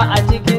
a cikin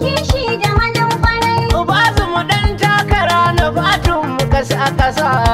kishi da madan kwarai ubazu su mu dan takara na fatun mu kasa kasa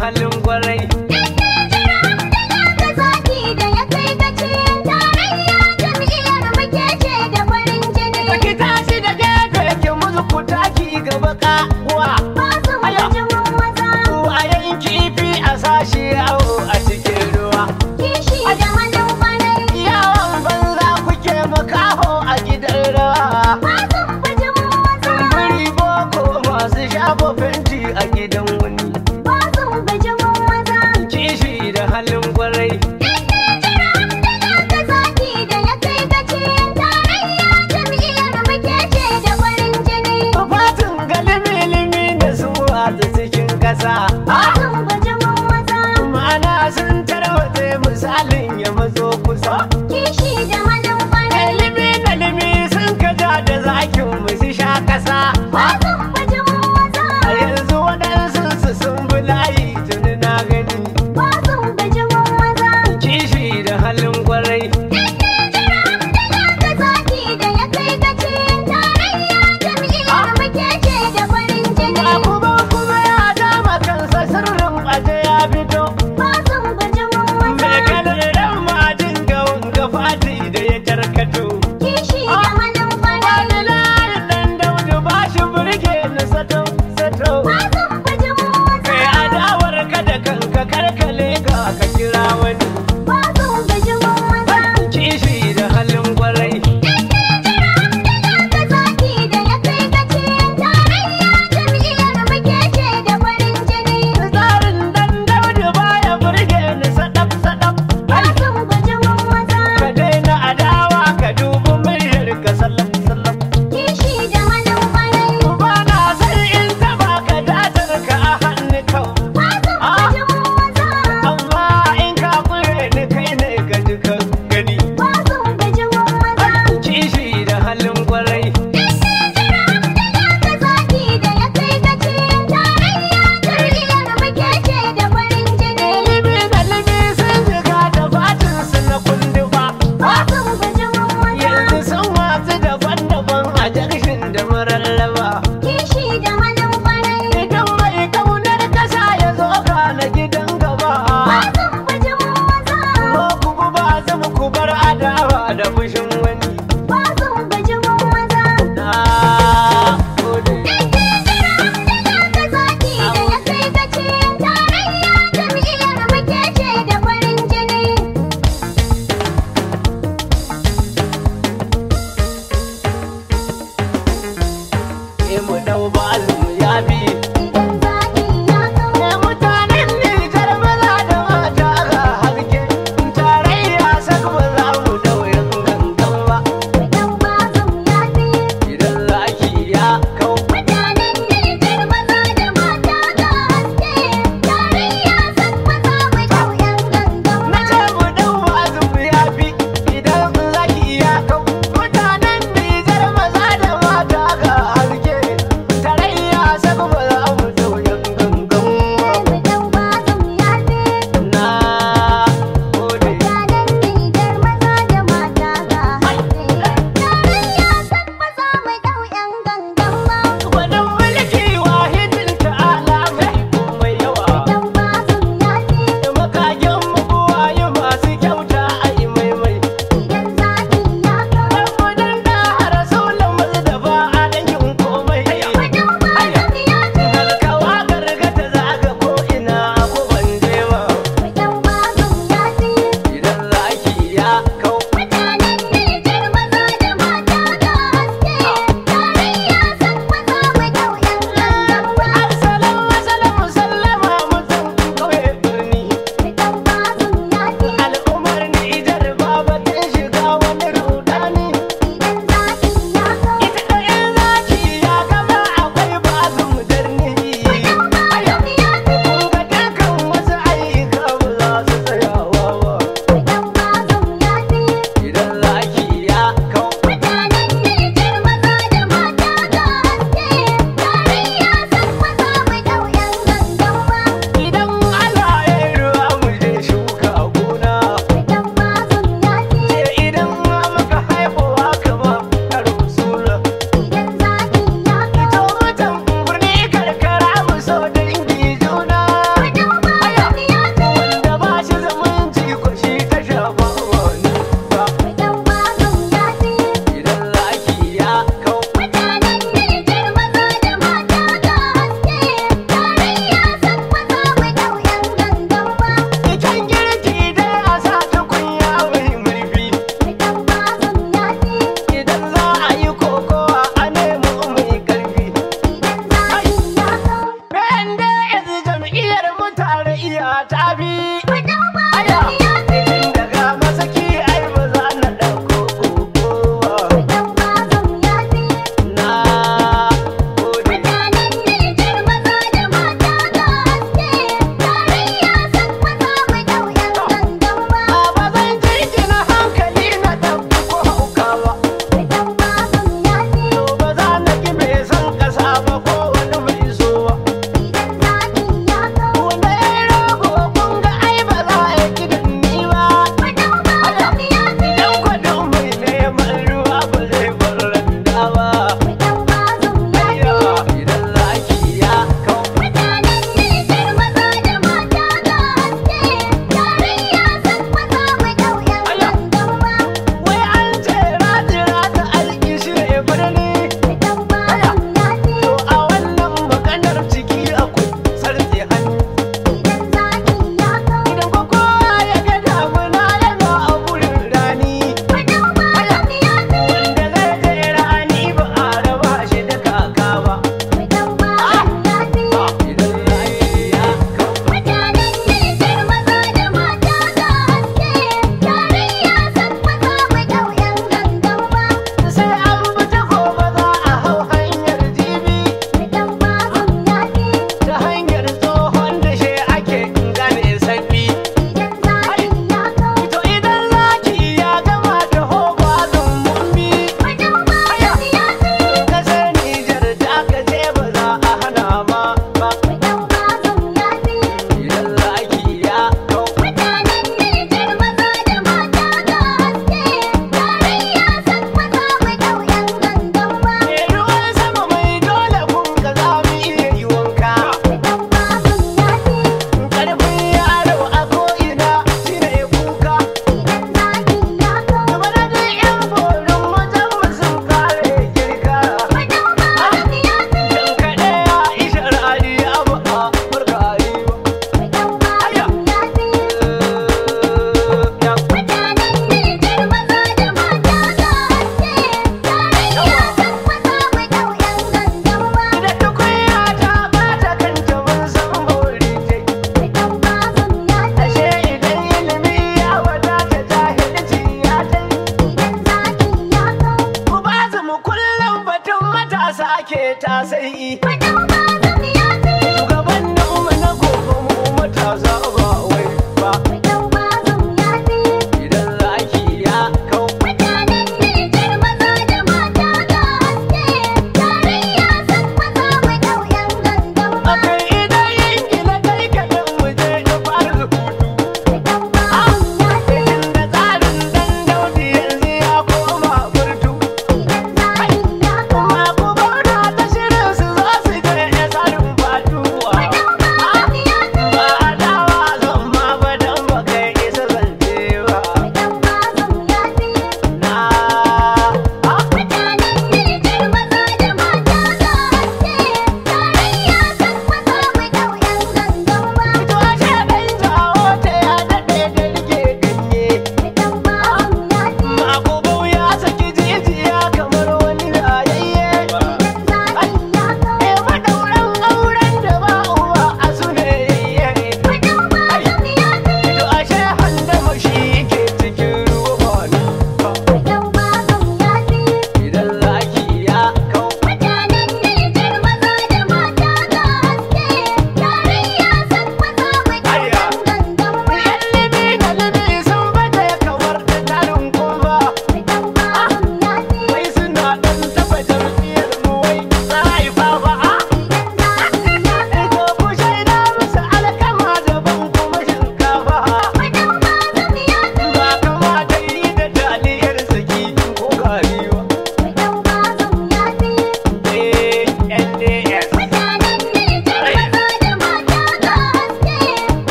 déjale Gaza. Ah!